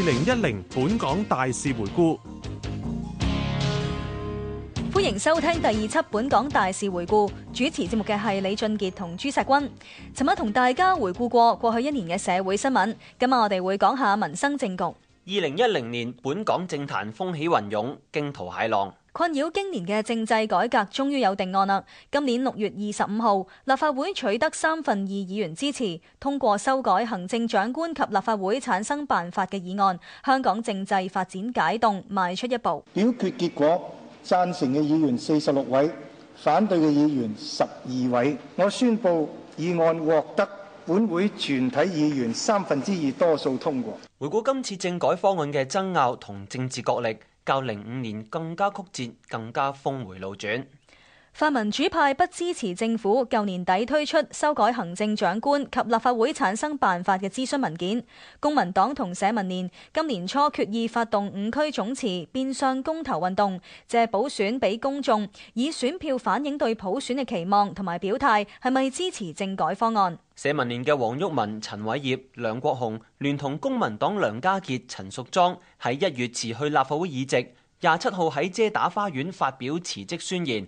二零一零本港大事回顧，歡迎收聽第二輯《本港大事回顧》，主持節目嘅係李俊杰同朱石君。尋晚同大家回顧過。過去一年嘅社會新聞，今晚我哋會講下民生政局。二零一零年本港政壇風起雲湧，驚濤駭浪。困擾經年嘅政制改革終於有定案啦！今年六月二十五號，立法會取得三分二議員支持，通過修改行政長官及立法會產生辦法嘅議案，香港政制發展解凍，邁出一步。表決結果，贊成嘅議員四十六位，反對嘅議員十二位。我宣布議案獲得本會全體議員三分之二多數通過。回顧今次政改方案嘅爭拗同政治角力。到零五年更加曲折，更加峰回路轉。泛民主派不支持政府舊年底推出修改行政長官及立法會產生辦法嘅諮詢文件。公民黨同社民連今年初決意發動五區總辭變相公投運動，借補選俾公眾以選票反映對普選嘅期望，同埋表態係咪支持政改方案。社民連嘅黃毓民、陳偉業、梁國雄聯同公民黨梁家傑、陳淑莊喺一月辭去立法會議席，廿七號喺遮打花園發表辭職宣言。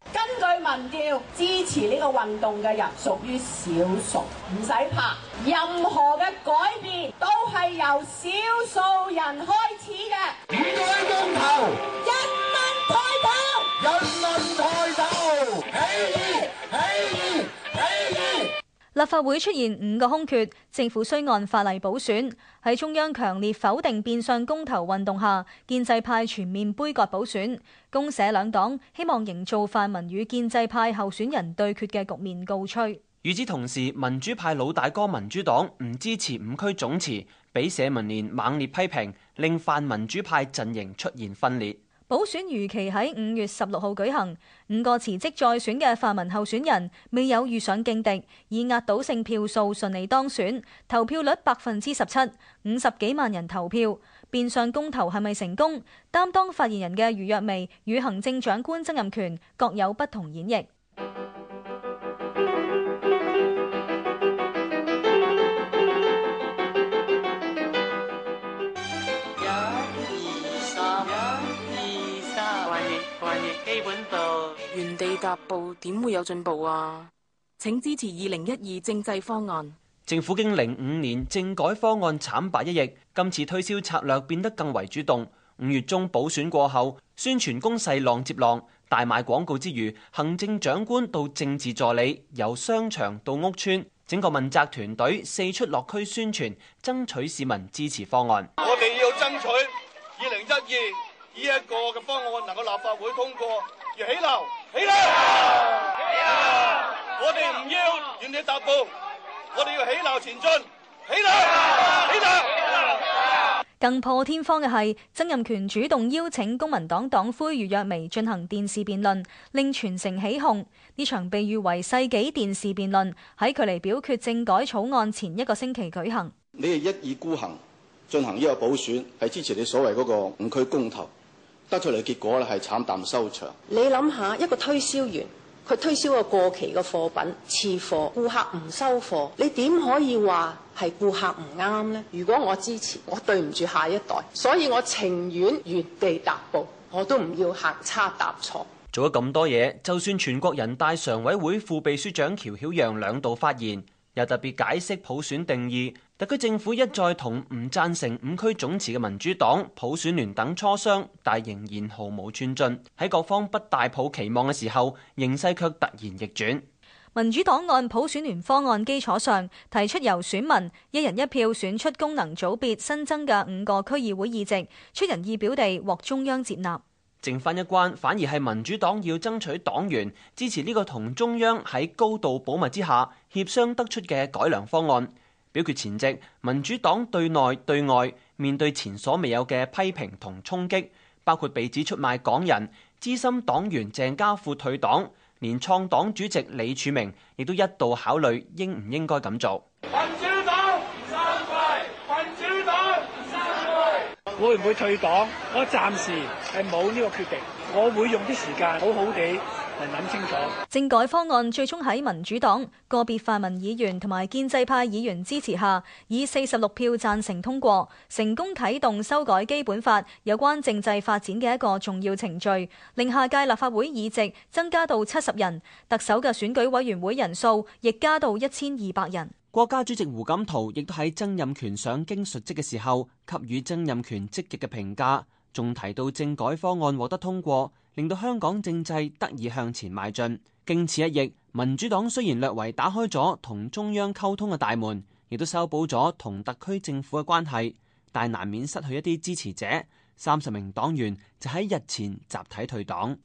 對民調支持呢個運動嘅人屬於少數，唔使怕，任何嘅改變都係由少數人開始嘅。五區公投，人民抬頭，人民抬。立法會出現五個空缺，政府須按法例補選。喺中央強烈否定變相公投運動下，建制派全面杯葛補選，公社兩黨希望營造泛民與建制派候選人對決嘅局面告吹。與此同時，民主派老大哥民主黨唔支持五區總辭，俾社民連猛烈批評，令泛民主派陣營出現分裂。補選如期喺五月十六號舉行，五個辭職再選嘅泛民候選人未有遇上勁敵，以壓倒性票數順利當選，投票率百分之十七，五十幾萬人投票，變相公投係咪成功？擔當發言人嘅余若薇與行政長官曾蔭權各有不同演繹。基本原地踏步，點會有進步啊？請支持二零一二政制方案。政府經零五年政改方案慘敗一役，今次推銷策略變得更為主動。五月中補選過後，宣傳攻勢浪接浪，大賣廣告之餘，行政長官到政治助理，由商場到屋邨，整個問責團隊四出落區宣傳，爭取市民支持方案。我哋要爭取二零一二。呢一個嘅方案能夠立法會通過，要起錨，起錨，起錨！我哋唔要原地踏步，我哋要起錨前進，起錨，起錨！更破天荒嘅係，曾蔭權主動邀請公民黨黨魁余若薇進行電視辯論，令全城起哄。呢場被譽為世紀電視辯論，喺距離表決政改草案前一個星期舉行。你哋一意孤行進行呢個補選，係支持你所謂嗰個五區公投。得出嚟嘅結果咧係慘淡收場。你諗下，一個推銷員佢推銷個過期嘅貨品、次貨，顧客唔收貨，你點可以話係顧客唔啱呢？如果我支持，我對唔住下一代，所以我情願原地踏步，我都唔要行差踏錯。做咗咁多嘢，就算全國人大常委會副秘書長喬曉陽兩度發言，又特別解釋普選定義。特區政府一再同唔讚成五區總辭嘅民主黨、普選聯等磋商，但仍然毫無寸進。喺各方不大抱期望嘅時候，形勢卻突然逆轉。民主黨按普選聯方案基礎上提出，由選民一人一票選出功能組別新增嘅五個區議會議席，出人意表地獲中央接納。剩翻一關，反而係民主黨要爭取黨員支持呢個同中央喺高度保密之下協商得出嘅改良方案。表決前夕，民主黨對內對外面對前所未有嘅批評同衝擊，包括被指出賣港人，資深黨員鄭家富退黨，連創黨主席李柱銘亦都一度考慮應唔應該咁做。民散散。民主黨會唔會退黨？我暫時係冇呢個決定，我會用啲時間好好地。政改方案最終喺民主黨、個別泛民議員同埋建制派議員支持下，以四十六票贊成通過，成功啟動修改基本法有關政制發展嘅一個重要程序，令下屆立法會議席增加到七十人，特首嘅選舉委員會人數亦加到一千二百人。國家主席胡錦濤亦都喺曾蔭權上京述職嘅時候，給予曾蔭權積極嘅評價，仲提到政改方案獲得通過。令到香港政制得以向前邁進。經此一役，民主黨雖然略為打開咗同中央溝通嘅大門，亦都修補咗同特區政府嘅關係，但難免失去一啲支持者。三十名黨員就喺日前集體退黨。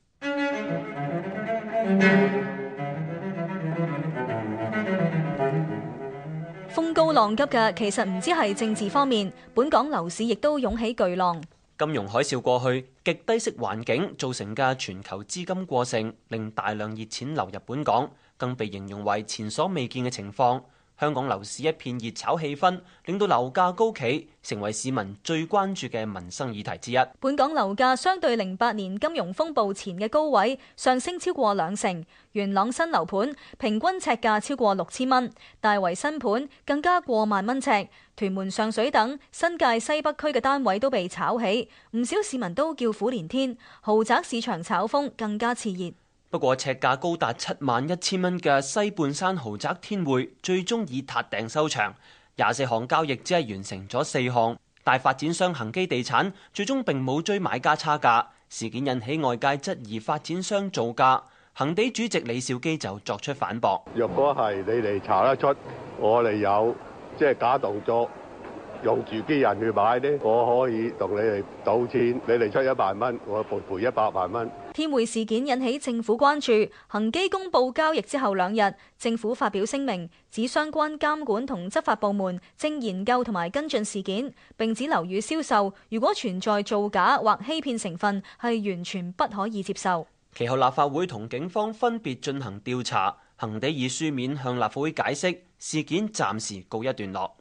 風高浪急嘅，其實唔只係政治方面，本港樓市亦都湧起巨浪。金融海嘯過去。極低息環境造成嘅全球資金過剩，令大量熱錢流入本港，更被形容為前所未見嘅情況。香港樓市一片熱炒氣氛，令到樓價高企，成為市民最關注嘅民生議題之一。本港樓價相對零八年金融風暴前嘅高位上升超過兩成，元朗新樓盤平均尺價超過六千蚊，大圍新盤更加過萬蚊尺。屯門上水等新界西北區嘅單位都被炒起，唔少市民都叫苦連天，豪宅市場炒風更加熾熱。不過尺價高達七萬一千蚊嘅西半山豪宅天匯，最終以撻訂收場。廿四項交易只係完成咗四項，大發展商恒基地產最終並冇追買家差價。事件引起外界質疑發展商造假，恒地主席李兆基就作出反駁：若果係你哋查得出，我哋有即係假動作。用自己人去買呢？我可以同你哋賭錢，你哋出一萬蚊，我賠賠一百萬蚊。天匯事件引起政府關注，恒基公佈交易之後兩日，政府發表聲明，指相關監管同執法部門正研究同埋跟進事件，並指樓宇銷售如果存在造假或欺騙成分，係完全不可以接受。其後立法會同警方分別進行調查，恒地以書面向立法會解釋，事件暫時告一段落。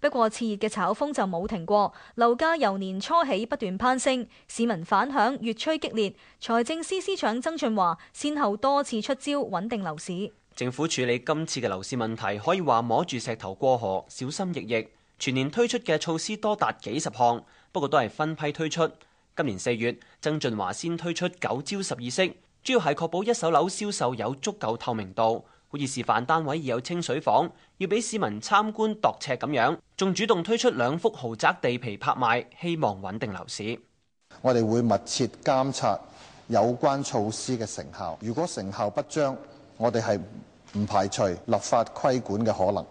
不過熾熱嘅炒風就冇停過，樓價由年初起不斷攀升，市民反響越趨激烈。財政司司長曾俊華先後多次出招穩定樓市。政府處理今次嘅樓市問題，可以話摸住石頭過河，小心翼翼。全年推出嘅措施多達幾十項，不過都係分批推出。今年四月，曾俊華先推出九招十二式，主要係確保一手樓銷售有足夠透明度。好似示範單位已有清水房，要俾市民參觀度尺咁樣，仲主動推出兩幅豪宅地皮拍賣，希望穩定樓市。我哋會密切監察有關措施嘅成效，如果成效不彰，我哋係唔排除立法規管嘅可能。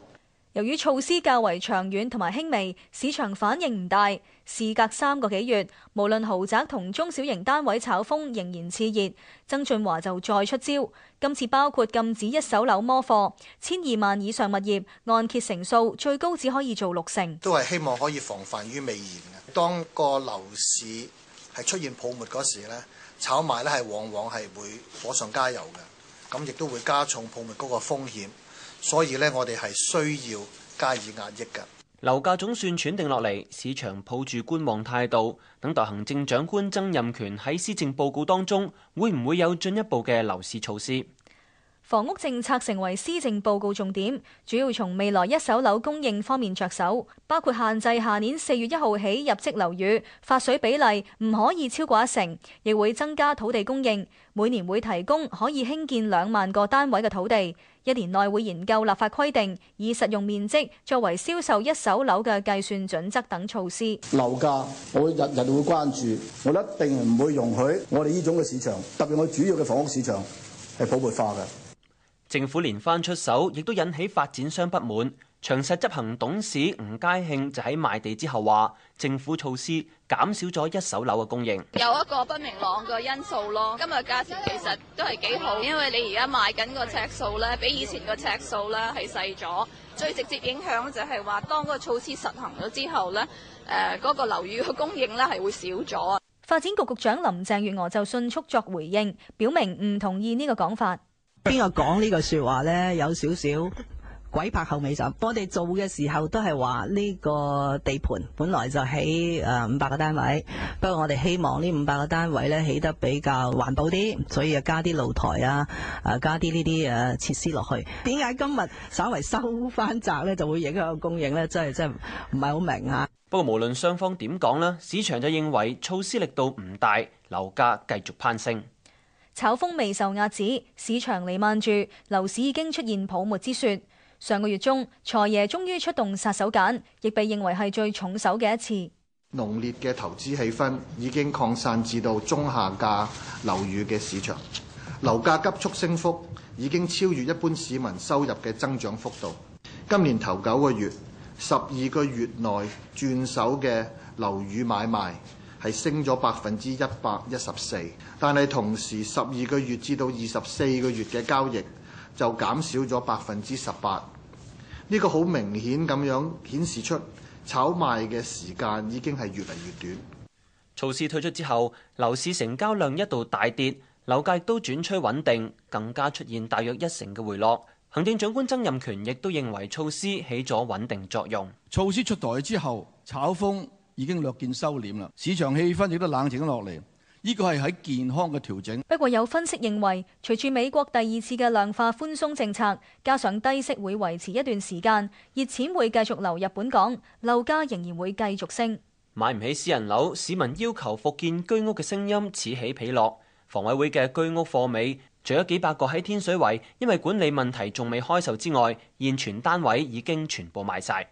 由於措施較為長遠同埋輕微，市場反應唔大。事隔三個幾月，無論豪宅同中小型單位炒風仍然熾熱，曾俊華就再出招。今次包括禁止一手樓摸貨，千二萬以上物業按揭成數最高只可以做六成。都係希望可以防範於未然嘅。當個樓市係出現泡沫嗰時咧，炒賣咧係往往係會火上加油嘅，咁亦都會加重泡沫嗰個風險。所以咧，我哋係需要加以壓抑噶。樓價總算喘定落嚟，市場抱住觀望態度，等待行政長官曾蔭權喺施政報告當中，會唔會有進一步嘅樓市措施？房屋政策成為施政報告重點，主要從未來一手樓供應方面着手，包括限制下年四月一號起入則樓宇發水比例唔可以超過一成，亦會增加土地供應，每年會提供可以興建兩萬個單位嘅土地，一年內會研究立法規定，以實用面積作為銷售一手樓嘅計算準則等措施。樓價我日日都會關注，我一定唔會容許我哋呢種嘅市場，特別我主要嘅房屋市場係泡沫化嘅。政府連番出手，亦都引起發展商不滿。長實執行董事吳佳慶就喺賣地之後話：政府措施減少咗一手樓嘅供應，有一個不明朗嘅因素咯。今日價錢其實都係幾好，因為你而家賣緊個尺數咧，比以前個尺數咧係細咗。最直接影響就係話，當個措施實行咗之後咧，誒嗰個樓宇嘅供應咧係會少咗。發展局局長林鄭月娥就迅速作回應，表明唔同意呢個講法。邊 個講呢個說話呢？有少少鬼拍後尾枕。我哋做嘅時候都係話呢個地盤本來就起誒五百個單位，不過我哋希望呢五百個單位呢起得比較環保啲，所以啊加啲露台啊，誒加啲呢啲誒設施落去。點解今日稍微收翻窄呢，就會影響供應呢？真係真係唔係好明吓啊。 不過無論雙方點講咧，市場就認為措施力度唔大，樓價繼續攀升。炒風未受壓止，市場彌漫住，樓市已經出現泡沫之説。上個月中，財爺終於出動殺手鐧，亦被認為係最重手嘅一次。濃烈嘅投資氣氛已經擴散至到中下價樓宇嘅市場，樓價急速升幅已經超越一般市民收入嘅增長幅度。今年頭九個月，十二個月內轉手嘅樓宇買賣，係升咗百分之一百一十四，但係同時十二個月至到二十四個月嘅交易就減少咗百分之十八。呢個好明顯咁樣顯示出炒賣嘅時間已經係越嚟越短。措施退出之後，樓市成交量一度大跌，樓價都轉趨穩定，更加出現大約一成嘅回落。行政長官曾蔭權亦都認為措施起咗穩定作用。措施出台之後，炒風已經略見收斂啦，市場氣氛亦都冷靜落嚟。呢個係喺健康嘅調整。不過有分析認為，隨住美國第二次嘅量化寬鬆政策，加上低息會維持一段時間，熱錢會繼續流入本港，樓價仍然會繼續升。買唔起私人樓，市民要求復建居屋嘅聲音此起彼落。房委會嘅居屋貨尾，除咗幾百個喺天水圍，因為管理問題仲未開售之外，現存單位已經全部賣晒。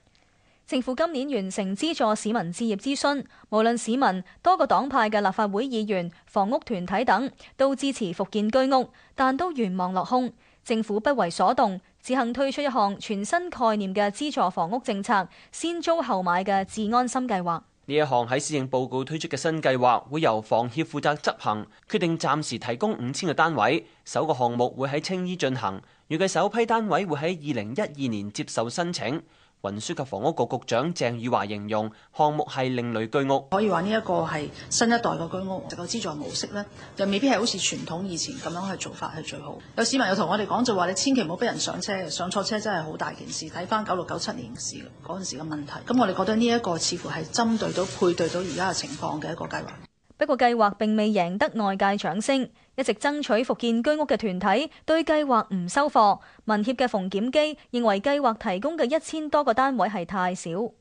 政府今年完成資助市民置業諮詢，無論市民、多個黨派嘅立法會議員、房屋團體等，都支持復建居屋，但都願望落空。政府不為所動，自行推出一項全新概念嘅資助房屋政策——先租後買嘅置安心計劃。呢一項喺施政報告推出嘅新計劃會由房協負責執行，決定暫時提供五千個單位。首個項目會喺青衣進行，預計首批單位會喺二零一二年接受申請。運輸及房屋局局長鄭宇華形容項目係另類居屋，可以話呢一個係新一代嘅居屋個資助模式呢，又未必係好似傳統以前咁樣嘅做法係最好。有市民又同我哋講就話你千祈唔好畀人上車，上錯車真係好大件事。睇翻九六九七年時嗰陣時嘅問題，咁我哋覺得呢一個似乎係針對到配對到而家嘅情況嘅一個計劃。不過計劃並未贏得外界掌聲。一直爭取復建居屋嘅團體對計劃唔收貨，民協嘅馮檢基認為計劃提供嘅一千多個單位係太少，呢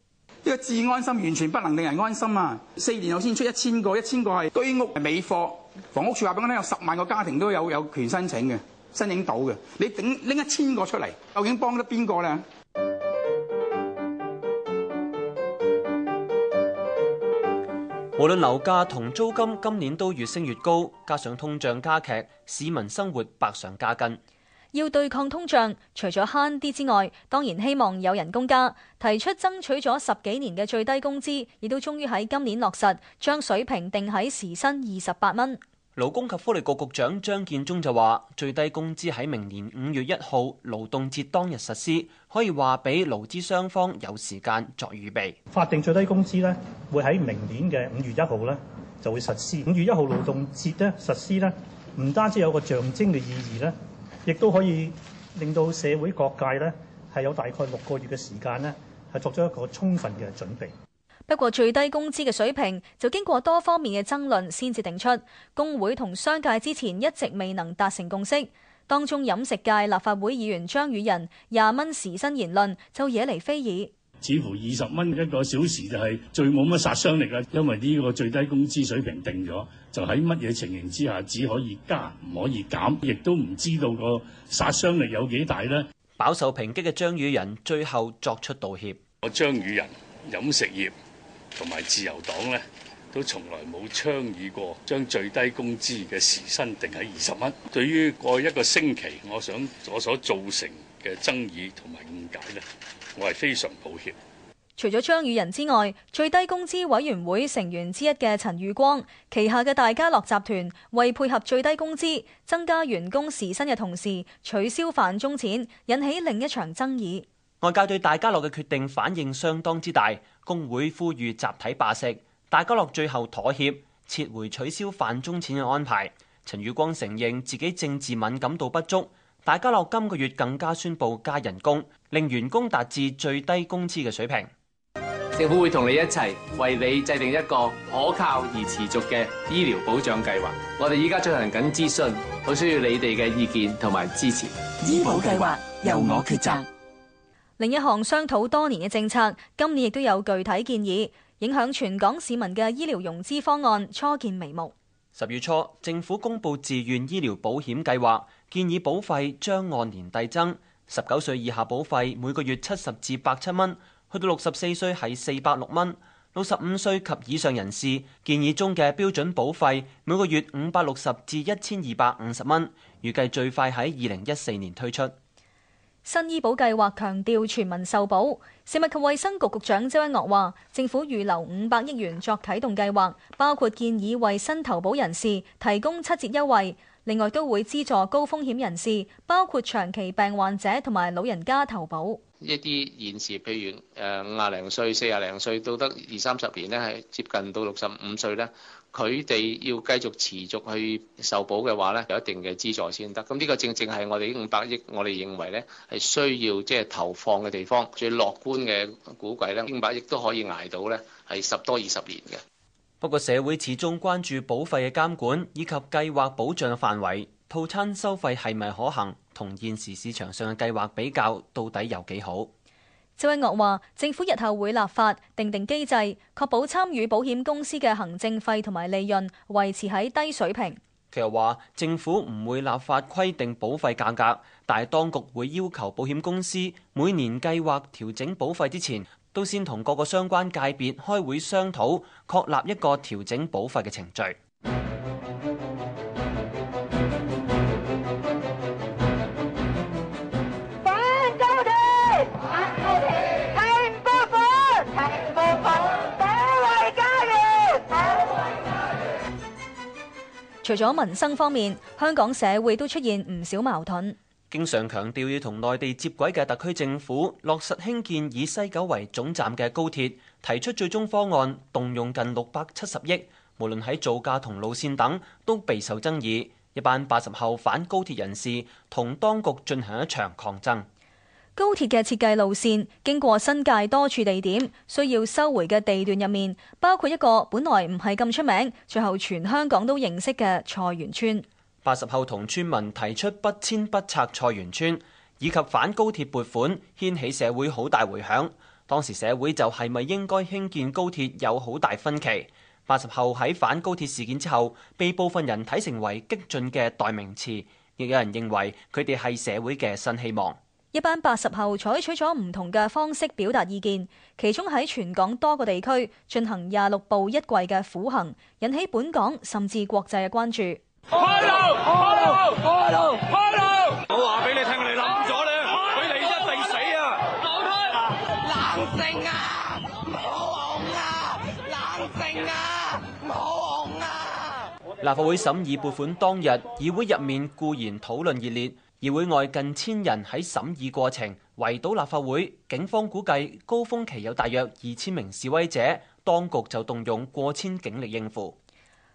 個置安心完全不能令人安心啊！四年後先出一千個，一千個係居屋係尾貨。房屋署話俾我聽，有十萬個家庭都有有權申請嘅，申請到嘅，你頂拎一千個出嚟，究竟幫得邊個咧？無論樓價同租金今年都越升越高，加上通脹加劇，市民生活百上加斤。要對抗通脹，除咗慳啲之外，當然希望有人工加。提出爭取咗十幾年嘅最低工資，亦都終於喺今年落實，將水平定喺時薪二十八蚊。勞工及福利局局長張建宗就話：最低工資喺明年五月一號勞動節當日實施，可以話俾勞資雙方有時間作預備。法定最低工資咧，會喺明年嘅五月一號咧，就會實施。五月一號勞動節咧，實施咧，唔單止有個象徵嘅意義咧，亦都可以令到社會各界咧，係有大概六個月嘅時間咧，係作咗一個充分嘅準備。不過最低工資嘅水平就經過多方面嘅爭論先至定出，工會同商界之前一直未能達成共識。當中飲食界立法會議員張宇人廿蚊時薪言論就惹嚟非議。似乎二十蚊一個小時就係最冇乜殺傷力啦，因為呢個最低工資水平定咗，就喺乜嘢情形之下只可以加唔可以減，亦都唔知道個殺傷力有幾大呢。飽受抨擊嘅張宇人最後作出道歉。我張宇人飲食業。同埋自由黨呢，都從來冇倡議過將最低工資嘅時薪定喺二十蚊。對於過去一個星期，我想我所造成嘅爭議同埋誤解呢，我係非常抱歉。除咗張宇人之外，最低工資委員會成員之一嘅陳裕光，旗下嘅大家樂集團為配合最低工資增加員工時薪嘅同時，取消飯鐘錢，引起另一場爭議。外界對大家樂嘅決定反應相當之大，工會呼籲集體罷食。大家樂最後妥協，撤回取消飯鐘錢嘅安排。陳宇光承認自己政治敏感度不足。大家樂今個月更加宣布加人工，令員工達至最低工資嘅水平。政府會同你一齊為你制定一個可靠而持續嘅醫療保障計劃。我哋依家進行緊諮詢，好需要你哋嘅意見同埋支持。醫保計劃由我抉擇。另一項商討多年嘅政策，今年亦都有具體建議，影響全港市民嘅醫療融資方案初見眉目。十月初，政府公布自願醫療保險計劃，建議保費將按年遞增。十九歲以下保費每個月七十至百七蚊，去到六十四歲係四百六蚊。六十五歲及以上人士，建議中嘅標準保費每個月五百六十至一千二百五十蚊，預計最快喺二零一四年推出。新醫保計劃強調全民受保，食物及衛生局局長周一嶽話：政府預留五百億元作啟動計劃，包括建議為新投保人士提供七折優惠，另外都會資助高風險人士，包括長期病患者同埋老人家投保。一啲現時，譬如誒五廿零歲、四廿零歲到得二三十年咧，係接近到六十五歲咧，佢哋要繼續持續去受保嘅話咧，有一定嘅資助先得。咁呢個正正係我哋啲五百億，我哋認為咧係需要即係投放嘅地方。最樂觀嘅估計咧，五百億都可以挨到咧，係十多二十年嘅。不過社會始終關注保費嘅監管以及計劃保障嘅範圍。套餐收費係咪可行？同現時市場上嘅計劃比較，到底有幾好？周偉岳話：政府日後會立法定定機制，確保參與保險公司嘅行政費同埋利潤維持喺低水平。佢又話：政府唔會立法規定保費價格，但係當局會要求保險公司每年計劃調整保費之前，都先同各個相關界別開會商討，確立一個調整保費嘅程序。除咗民生方面，香港社會都出現唔少矛盾。經常強調要同內地接軌嘅特區政府，落實興建以西九為總站嘅高鐵，提出最終方案，動用近六百七十億，無論喺造價同路線等，都備受爭議。一班八十後反高鐵人士同當局進行一場抗爭。高鐵嘅設計路線經過新界多處地點，需要收回嘅地段入面包括一個本來唔係咁出名，最後全香港都認識嘅菜園村。八十後同村民提出不遷不拆菜園村，以及反高鐵撥款，掀起社會好大回響。當時社會就係咪應該興建高鐵有好大分歧。八十後喺反高鐵事件之後，被部分人睇成為激進嘅代名詞，亦有人認為佢哋係社會嘅新希望。一班八十後採取咗唔同嘅方式表達意見，其中喺全港多個地區進行廿六步一跪嘅苦行，引起本港甚至國際嘅關注。開路！開路！開路！開路！我話俾你聽，你諗咗咧，佢哋一定死啊！走開！冷靜啊！唔好紅啊！冷靜啊！唔好紅啊！立法會審議撥款當日，議會入面固然討論熱烈。議會外近千人喺審議過程圍堵立法會，警方估計高峰期有大約二千名示威者，當局就動用過千警力應付。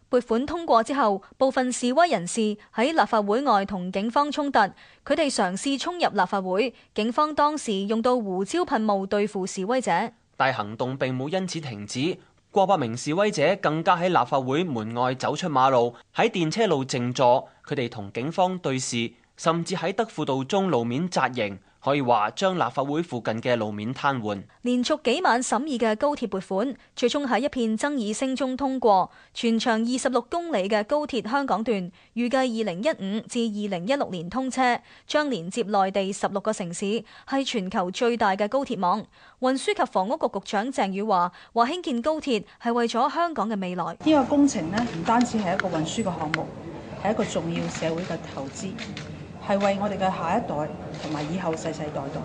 撥款通過之後，部分示威人士喺立法會外同警方衝突，佢哋嘗試衝入立法會，警方當時用到胡椒噴霧對付示威者。但行動並冇因此停止，過百名示威者更加喺立法會門外走出馬路，喺電車路靜坐，佢哋同警方對視。甚至喺德輔道中路面紮營，可以話將立法會附近嘅路面癱瘓。連續幾晚審議嘅高鐵撥款，最終喺一片爭議聲中通過。全長二十六公里嘅高鐵香港段，預計二零一五至二零一六年通車，將連接內地十六個城市，係全球最大嘅高鐵網。運輸及房屋局局長鄭汝樺話：興建高鐵係為咗香港嘅未來呢個工程咧，唔單止係一個運輸嘅項目，係一個重要社會嘅投資。係為我哋嘅下一代同埋以後世世代代。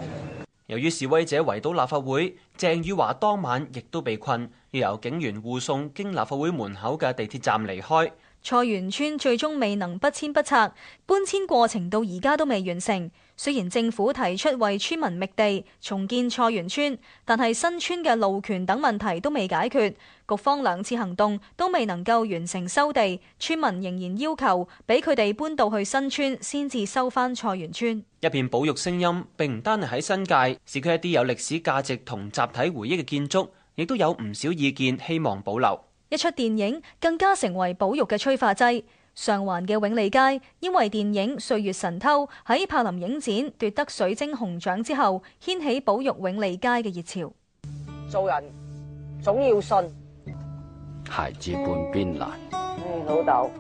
由於示威者圍堵立法會，鄭汝樺當晚亦都被困，要由警員護送經立法會門口嘅地鐵站離開。菜園村最終未能不遷不拆，搬遷過程到而家都未完成。雖然政府提出為村民覓地重建菜園村，但係新村嘅路權等問題都未解決，局方兩次行動都未能夠完成收地，村民仍然要求俾佢哋搬到去新村先至收翻菜園村。一片保育聲音，並唔單係喺新界，市區一啲有歷史價值同集體回憶嘅建築，亦都有唔少意見希望保留。一出電影更加成為保育嘅催化劑。上環嘅永利街，因為電影《歲月神偷》喺柏林影展奪得水晶熊獎之後，掀起保育永利街嘅熱潮。做人總要信，孩子半邊難。誒，老豆，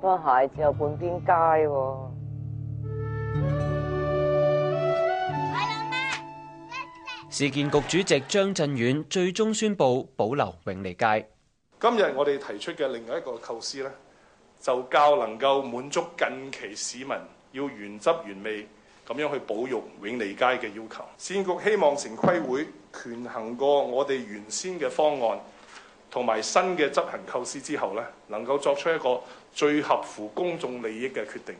不係只有半邊街喎。市建局主席張震遠最終宣布保留永利街。今日我哋提出嘅另外一個構思咧就較能夠滿足近期市民要原汁原味咁樣去保育永利街嘅要求。市建局希望城規會權衡過我哋原先嘅方案同埋新嘅執行構思之後呢，能夠作出一個最合乎公眾利益嘅決定。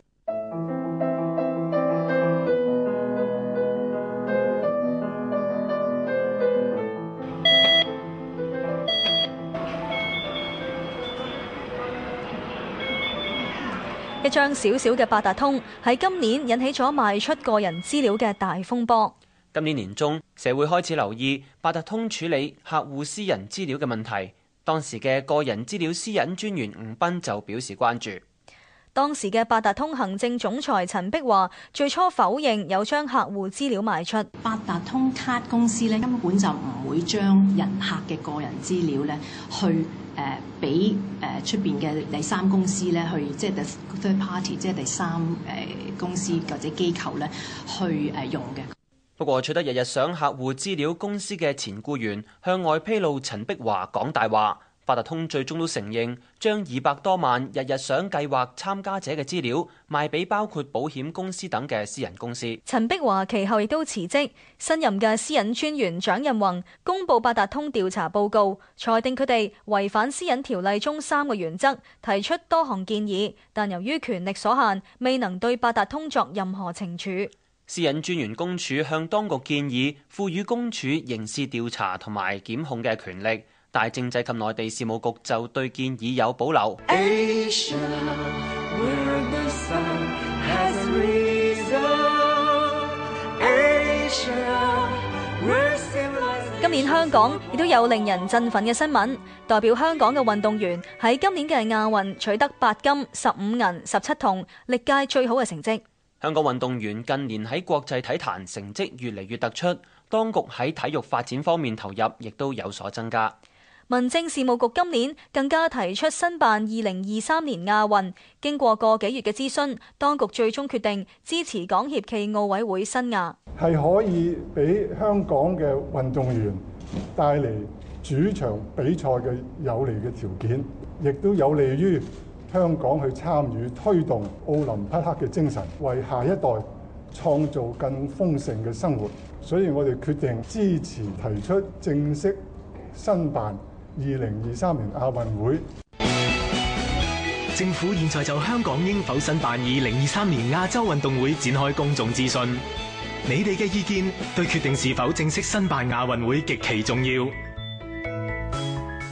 一張小小嘅八達通喺今年引起咗賣出個人資料嘅大風波。今年年中，社會開始留意八達通處理客戶私人資料嘅問題。當時嘅個人資料私隱專員吳斌就表示關注。當時嘅八達通行政總裁陳碧華最初否認有將客戶資料賣出。八達通卡公司咧根本就唔會將人客嘅個人資料咧去誒俾誒出邊嘅第三公司咧去即係 third party 即係第三誒公司,公司或者機構咧去誒用嘅。不過取得日日賞客戶資料公司嘅前僱員向外披露，陳碧華講大話。八達通最終都承認將二百多萬日日想計劃參加者嘅資料賣俾包括保險公司等嘅私人公司。陳碧華其後亦都辭職，新任嘅私隱專員蔣任宏公布八達通調查報告，裁定佢哋違反私隱條例中三個原則，提出多項建議，但由於權力所限，未能對八達通作任何懲處。私隱專員公署向當局建議賦予公署刑事調查同埋檢控嘅權力。大政制及內地事務局就對建議有保留。今年香港亦都有令人振奮嘅新聞，代表香港嘅運動員喺今年嘅亞運取得八金、十五銀、十七銅，歷屆最好嘅成績。香港運動員近年喺國際體壇成績越嚟越突出，當局喺體育發展方面投入亦都有所增加。民政事務局今年更加提出申辦二零二三年亞運，經過個幾月嘅諮詢，當局最終決定支持港協暨奧委會申亞，係可以俾香港嘅運動員帶嚟主場比賽嘅有利嘅條件，亦都有利於香港去參與推動奧林匹克嘅精神，為下一代創造更豐盛嘅生活。所以我哋決定支持提出正式申辦。二零二三年亞運會。政府現在就香港應否申辦二零二三年亞洲運動會展開公眾諮詢，你哋嘅意見對決定是否正式申辦亞運會極其重要。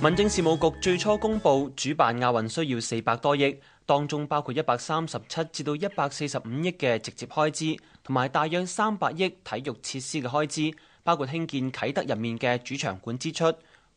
民政事務局最初公布主辦亞運需要四百多億，當中包括一百三十七至到一百四十五億嘅直接開支，同埋大約三百億體育設施嘅開支，包括興建啟德入面嘅主場館支出。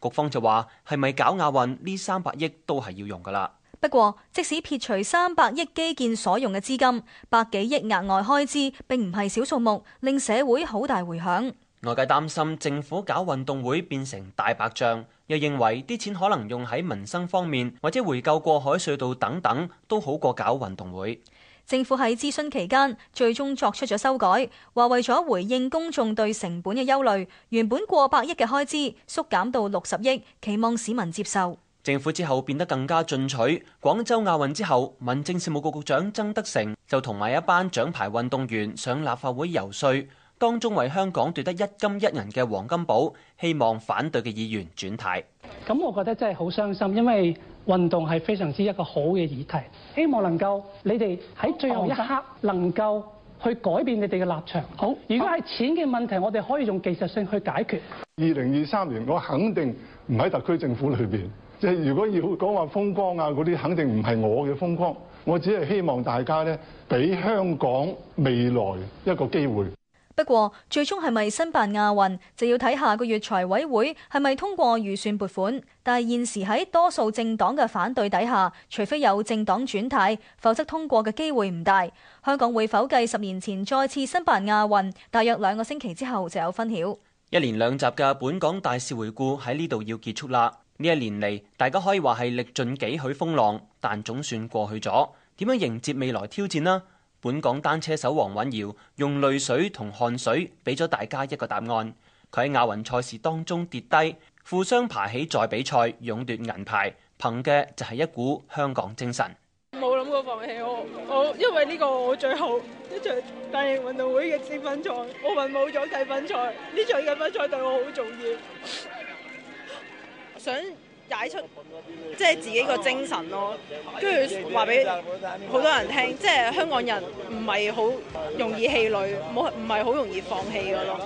局方就話係咪搞亞運呢，三百億都係要用噶啦。不過即使撇除三百億基建所用嘅資金，百幾億額外開支並唔係小數目，令社會好大迴響。外界擔心政府搞運動會變成大白象，又認為啲錢可能用喺民生方面或者回購過海隧道等等，都好過搞運動會。政府喺諮詢期間最終作出咗修改，話為咗回應公眾對成本嘅憂慮，原本過百億嘅開支縮減到六十億，期望市民接受。政府之後變得更加進取，廣州亞運之後，民政事務局局長曾德成就同埋一班獎牌運動員上立法會游說，當中為香港奪得一金一銀嘅黃金寶，希望反對嘅議員轉態。咁我覺得真係好傷心，因為，運動係非常之一個好嘅議題，希望能夠你哋喺最後一刻能夠去改變你哋嘅立場。好，如果係錢嘅問題，我哋可以用技術性去解決。二零二三年我肯定唔喺特區政府裏邊，即係如果要講話風光啊嗰啲，肯定唔係我嘅風光。我只係希望大家呢，俾香港未來一個機會。不過最終係咪申辦亞運，就要睇下個月財委會係咪通過預算撥款。但係現時喺多數政黨嘅反對底下，除非有政黨轉軚，否則通過嘅機會唔大。香港會否繼十年前再次申辦亞運？大約兩個星期之後就有分曉。一連兩集嘅本港大事回顧喺呢度要結束啦。呢一年嚟，大家可以話係歷盡幾許風浪，但總算過去咗。點樣迎接未來挑戰呢？本港單車手黃蘊瑤用淚水同汗水，俾咗大家一個答案。佢喺亞運賽事當中跌低，負傷爬起再比賽，勇奪銀牌，憑嘅就係一股香港精神。冇諗過放棄我，我因為呢個我最後一場大型運動會嘅積分賽，奧運冇咗積分賽，呢場積分賽對我好重要， 想。解出即係自己個精神咯，跟住話俾好多人聽，即係香港人唔係好容易氣餒，冇唔係好容易放棄嘅咯。